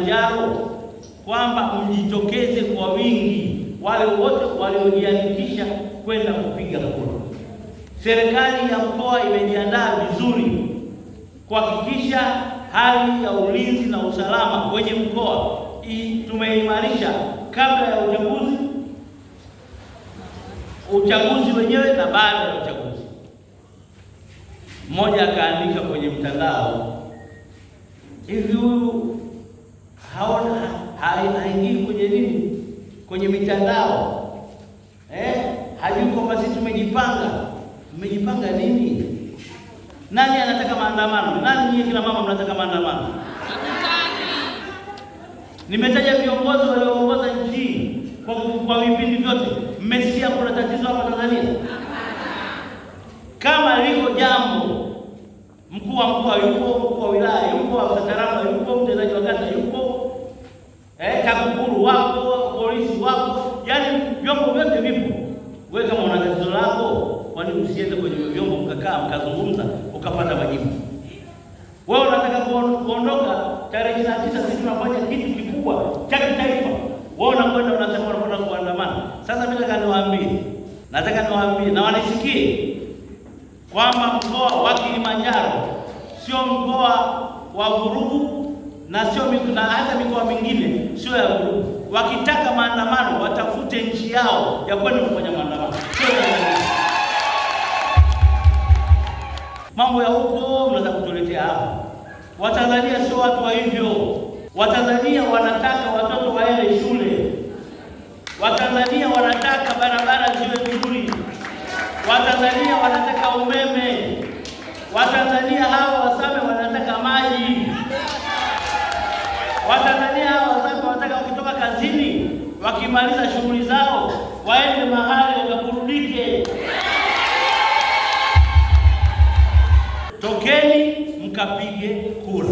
Kilimanjaro kwamba mjitokeze kwa wingi wale wote waliojiandikisha kwenda kupiga kura. Serikali ya mkoa imejiandaa vizuri kuhakikisha hali ya ulinzi na usalama kwenye mkoa tumeimarisha kabla ya uchaguzi, uchaguzi wenyewe na baada ya uchaguzi. Mmoja akaandika kwenye mtandao, hivi huyu haona haingii kwenye nini, kwenye mitandao eh, hajui kwamba sisi tumejipanga. Mmejipanga nini? Nani anataka maandamano? Nani nyie, kina mama mnataka maandamano? Nimetaja viongozi walioongoza nchi kwa kwa vipindi vyote. Mmesikia kuna tatizo hapa Tanzania? Kama liko jambo, mkuu wa mkoa yupo, mkuu wa wilaya yupo, tarafa yupo, mtendaji wa kata yupo eh, TAKUKURU wako, polisi wako, yani vyombo vyote vipo. Wewe kama una tatizo lako, kwani usiende kwenye vyombo mkakaa mkazungumza ukapata majibu? Wewe unataka kuondoka tarehe 29, sisi tunafanya kitu kikubwa cha kitaifa, wewe unakwenda unasema unakwenda kuandamana. Sasa mimi nataka niwaambie, nataka niwaambie na wanisikie kwamba mkoa wa Kilimanjaro sio mkoa wa vurugu na sio na hata mikoa mingine sio ya vurugu. Wakitaka maandamano watafute nchi yao ya kwenda kufanya maandamano, sio mambo ya huko mnaweza kutuletea hapa. Watanzania sio watu wa hivyo. Watanzania wanataka watoto waende shule. Watanzania wanataka barabara ziwe nzuri. Watanzania wanataka umeme. Watanzania hao kazini, wakimaliza shughuli zao waende mahali wakaburudike. Tokeni mkapige kura,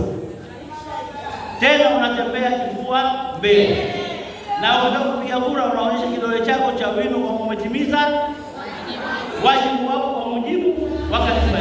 tena unatembea kifua mbele, na unataka kupiga kura, unaonyesha kidole chako cha wino kwamba umetimiza wajibu wako kwa mujibu wa katiba